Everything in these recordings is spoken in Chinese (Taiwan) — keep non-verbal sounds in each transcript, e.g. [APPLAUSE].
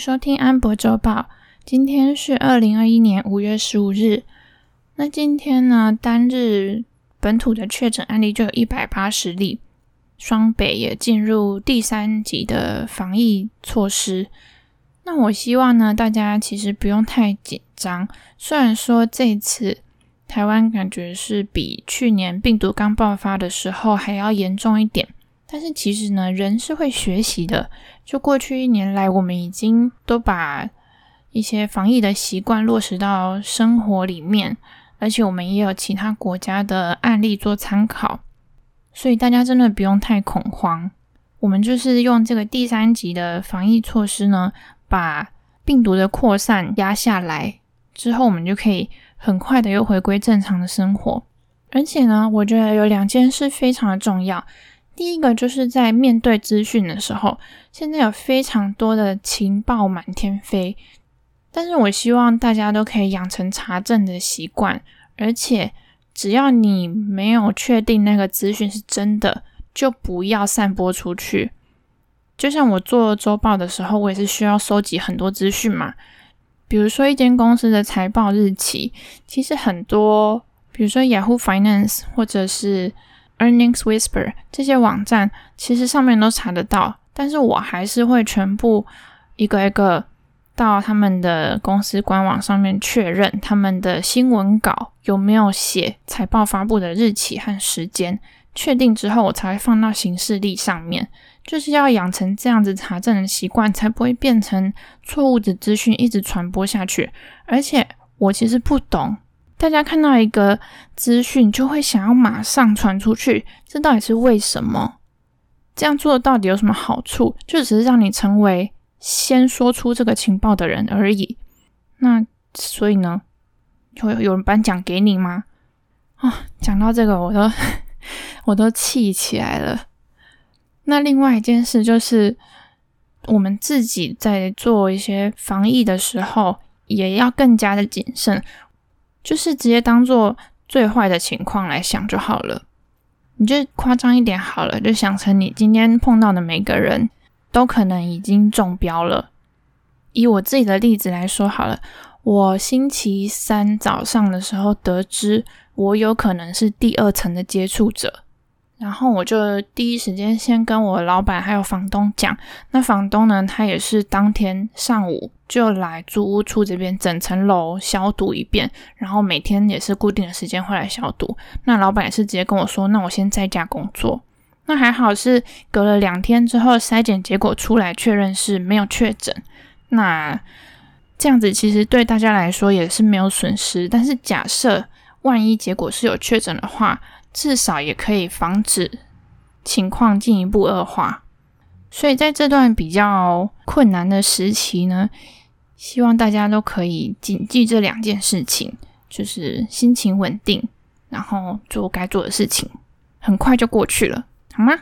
收聽安博週報，今天是二零二一年五月十五日。那今天呢，單日本土的確診案例就有一百八十例，雙北也進入第三級的防疫措施。那我希望呢，大家其實不用太緊張。雖然說這次台灣感覺是比去年病毒剛爆發的時候還要嚴重一點。但是其實呢，人是會學習的。就過去一年來，我們已經都把一些防疫的習慣落實到生活裡面，而且我們也有其他國家的案例做參考，所以大家真的不用太恐慌。我們就是用這個第三級的防疫措施呢，把病毒的擴散壓下來之後，我們就可以很快的又回歸正常的生活。而且呢，我覺得有兩件事非常的重要。第一個就是在面對資訊的時候，現在有非常多的情報滿天飛，但是我希望大家都可以養成查證的習慣，而且只要你沒有確定那個資訊是真的，就不要散播出去。就像我做週報的時候，我也是需要收集很多資訊嘛，比如說一間公司的財報日期，其實很多，比如說 Yahoo Finance 或者是 Earnings Whisper 這些網站其實上面都查得到，但是我還是會全部一個一個到他們的公司官網上面確認他們的新聞稿有沒有寫財報發布的日期和時間。確定之後，我才會放到行事曆上面。就是要養成這樣子查證的習慣，才不會變成錯誤的資訊一直傳播下去。而且我其實不懂。大家看到一個資訊，就會想要馬上傳出去，這到底是為什麼？這樣做到底有什麼好處？就只是讓你成為先說出這個情報的人而已。那所以呢，會有，有人頒獎給你嗎？啊、哦，講到這個，我都我都氣起來了。那另外一件事就是，我們自己在做一些防疫的時候，也要更加的謹慎。就是直接當做最壞的情況來想就好了，你就誇張一點好了，就想成你今天碰到的每個人都可能已經中標了。以我自己的例子來說好了，我星期三早上的時候得知我有可能是第二層的接觸者。然後我就第一時間先跟我老闆還有房東講，那房東呢，他也是當天上午就來租屋處這邊整層樓消毒一遍，然後每天也是固定的時間會來消毒。那老闆也是直接跟我說，那我先在家工作。那還好是隔了兩天之後，篩檢結果出來確認是沒有確診。那這樣子其實對大家來說也是沒有損失，但是假設萬一結果是有確診的話。至少也可以防止情況進一步惡化，所以在這段比較困難的時期呢，希望大家都可以謹記這兩件事情，就是心情穩定，然後做該做的事情，很快就過去了，好嗎？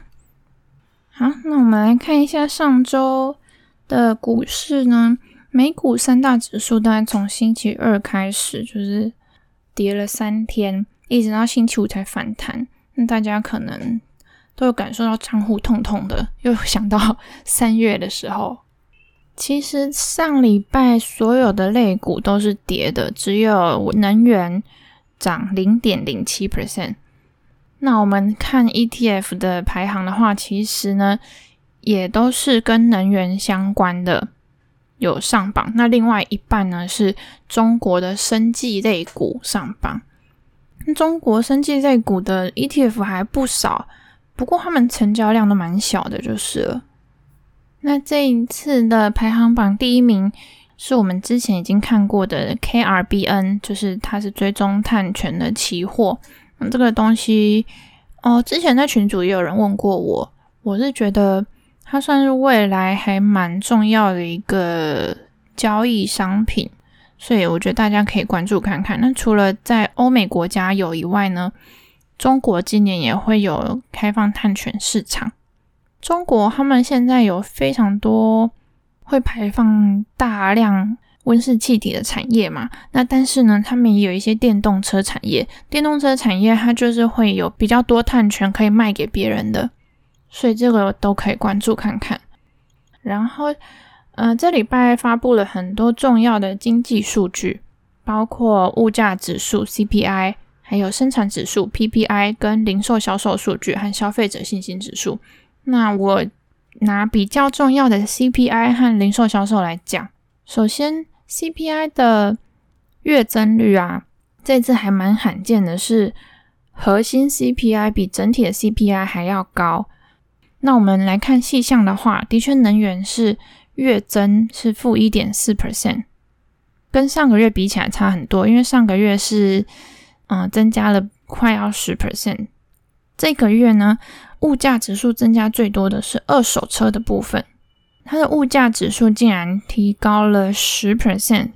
好，那我們來看一下上週的股市呢，美股三大指數大概從星期二開始就是跌了三天。一直到星期五才反彈，那大家可能都有感受到賬戶痛痛的，又想到三月的時候，其實上禮拜所有的類股都是跌的，只有能源漲零點零七 percent。那我們看 ETF 的排行的話，其實呢也都是跟能源相關的有上榜，那另外一半呢是中國的生技類股上榜。中國生技在股的 ETF 還不少，不過他們成交量都蠻小的，就是了。那這一次的排行榜第一名是我們之前已經看過的 KRBN，就是它是追蹤碳權的期貨。這個東西哦，之前在群組也有人問過我，我是覺得它算是未來還蠻重要的一個交易商品。所以我覺得大家可以關注看看。那除了在歐美國家有以外呢，中國今年也會有開放碳權市場。中國他們現在有非常多會排放大量溫室氣體的產業嘛，那但是呢，他們也有一些電動車產業，電動車產業它就是會有比較多碳權可以賣給別人的，所以這個我都可以關注看看。然後。呃，這禮拜發布了很多重要的經濟數據，包括物價指數 CPI，還有生產指數 PPI 跟零售銷售數據和消費者信心指數。那我拿比較重要的 CPI 和零售銷售來講，首先 CPI 的月增率啊，這次還蠻罕見的是核心 CPI 比整體的 CPI 還要高。那我們來看細項的話，的確能源是。月增是負一點四 percent，跟上個月比起來差很多，因為上個月是，嗯，增加了快要十 percent。這個月呢，物價指數增加最多的是二手車的部分，它的物價指數竟然提高了十 percent。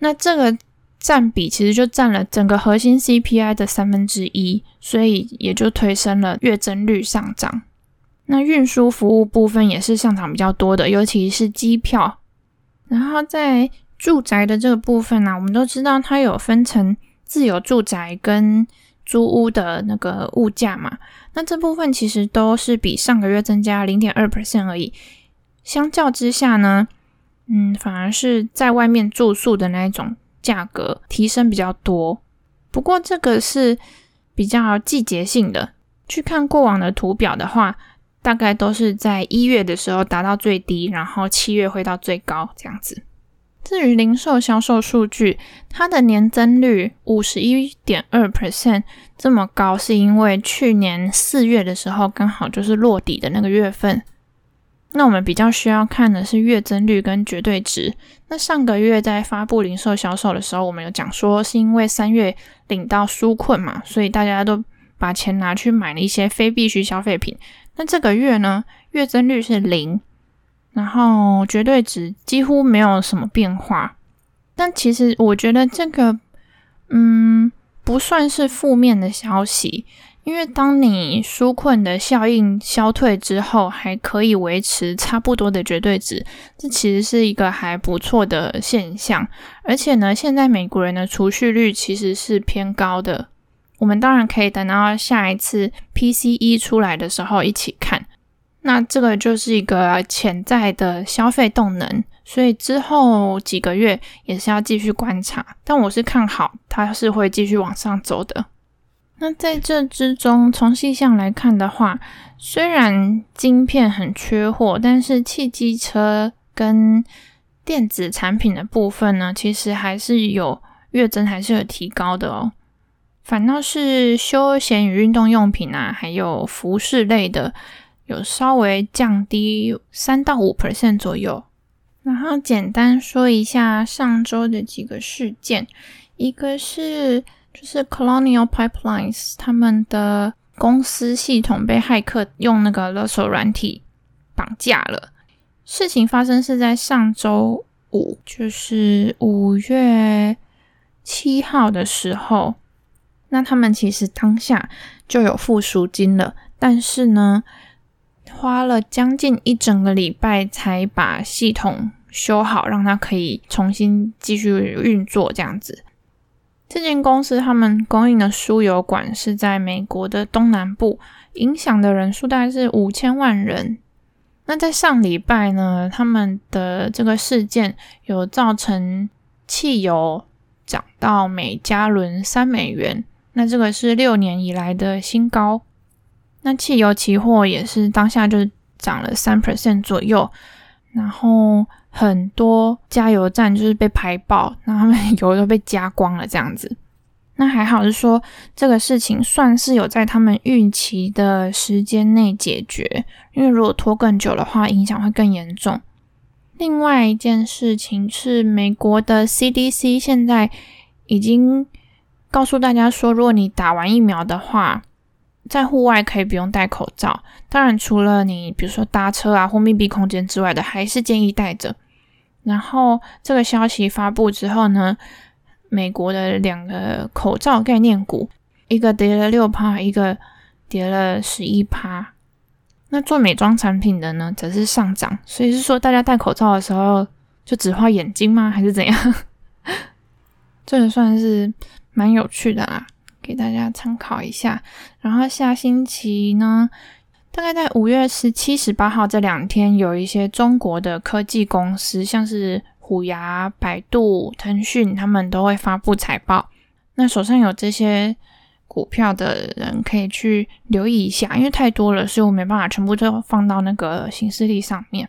那這個佔比其實就佔了整個核心 CPI 的三分之一，所以也就推升了月增率上漲。那運輸服務部分也是上漲比較多的，尤其是機票。然後在住宅的這個部分呢、啊，我們都知道它有分成自有住宅跟租屋的那個物價嘛。那這部分其實都是比上個月增加零點二 percent 而已。相較之下呢，嗯，反而是在外面住宿的那一種價格提升比較多。不過這個是比較季節性的。去看過往的圖表的話，大概都是在一月的時候達到最低，然後七月會到最高這樣子。至於零售銷售數據，它的年增率五十一點二 percent 這麼高，是因為去年四月的時候剛好就是落底的那個月份。那我們比較需要看的是月增率跟絕對值。那上個月在發布零售銷售的時候，我們有講說，是因為三月領到紓困嘛，所以大家都把錢拿去買了一些非必需消費品。那這個月呢，月增率是零，然後絕對值幾乎沒有什麼變化。但其實我覺得這個，嗯，不算是負面的消息，因為當你紓困的效應消退之後，還可以維持差不多的絕對值，這其實是一個還不錯的現象。而且呢，現在美國人的儲蓄率其實是偏高的。我們當然可以等到下一次 PCE 出來的時候一起看，那這個就是一個潛在的消費動能，所以之後幾個月也是要繼續觀察。但我是看好它是會繼續往上走的。那在這之中，從細項來看的話，雖然晶片很缺貨，但是汽機車跟電子產品的部分呢，其實還是有月增，還是有提高的哦。反倒是休閒與運動用品啊，還有服飾類的，有稍微降低三到五 percent 左右。然後簡單說一下上週的幾個事件，一個是就是 Colonial Pipelines 他們的公司系統被駭客用那個勒索軟體綁架了。事情發生是在上週五，就是五月七號的時候。那他們其實當下就有付贖金了，但是呢，花了將近一整個禮拜才把系統修好，讓它可以重新繼續運作這樣子。這間公司他們供應的輸油管是在美國的東南部，影響的人數大概是五千萬人。那在上禮拜呢，他們的這個事件有造成汽油漲到每加侖三美元。那這個是六年以來的新高，那汽油期貨也是當下就漲了三 percent 左右，然後很多加油站就是被排爆，然後他們油都被加光了這樣子。那還好是說這個事情算是有在他們預期的時間內解決，因為如果拖更久的話，影響會更嚴重。另外一件事情是，美國的 CDC 現在已經。告訴大家說，如果你打完疫苗的話，在戶外可以不用戴口罩。當然，除了你比如說搭車啊或密閉空間之外的，還是建議戴着。然後這個消息發布之後呢，美國的兩個口罩概念股，一個跌了六趴，一個跌了十一趴。那做美妝產品的呢，則是上漲。所以是說，大家戴口罩的時候就只畫眼睛嗎？還是怎樣？這 [LAUGHS] 個算是？蠻有趣的啦，給大家參考一下。然後下星期呢，大概在五月十七、十八號這兩天，有一些中國的科技公司，像是虎牙、百度、騰訊，他們都會發布財報。那手上有這些股票的人可以去留意一下，因為太多了，所以我沒辦法全部都放到那個行事曆上面。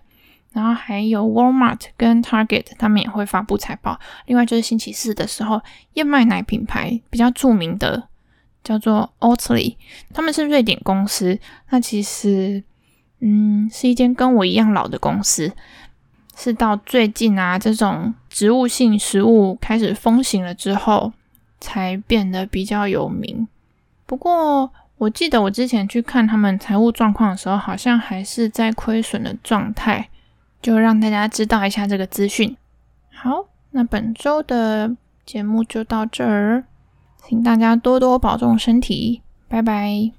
然後還有 Walmart 跟 Target，他們也會發布財報。另外就是星期四的時候，燕麥奶品牌比較著名的叫做 Oatly，他們是瑞典公司。那其實，嗯，是一間跟我一樣老的公司，是到最近啊，這種植物性食物開始風行了之後，才變得比較有名。不過我記得我之前去看他們財務狀況的時候，好像還是在虧損的狀態。就讓大家知道一下這個資訊。好，那本週的節目就到這兒，請大家多多保重身體，拜拜。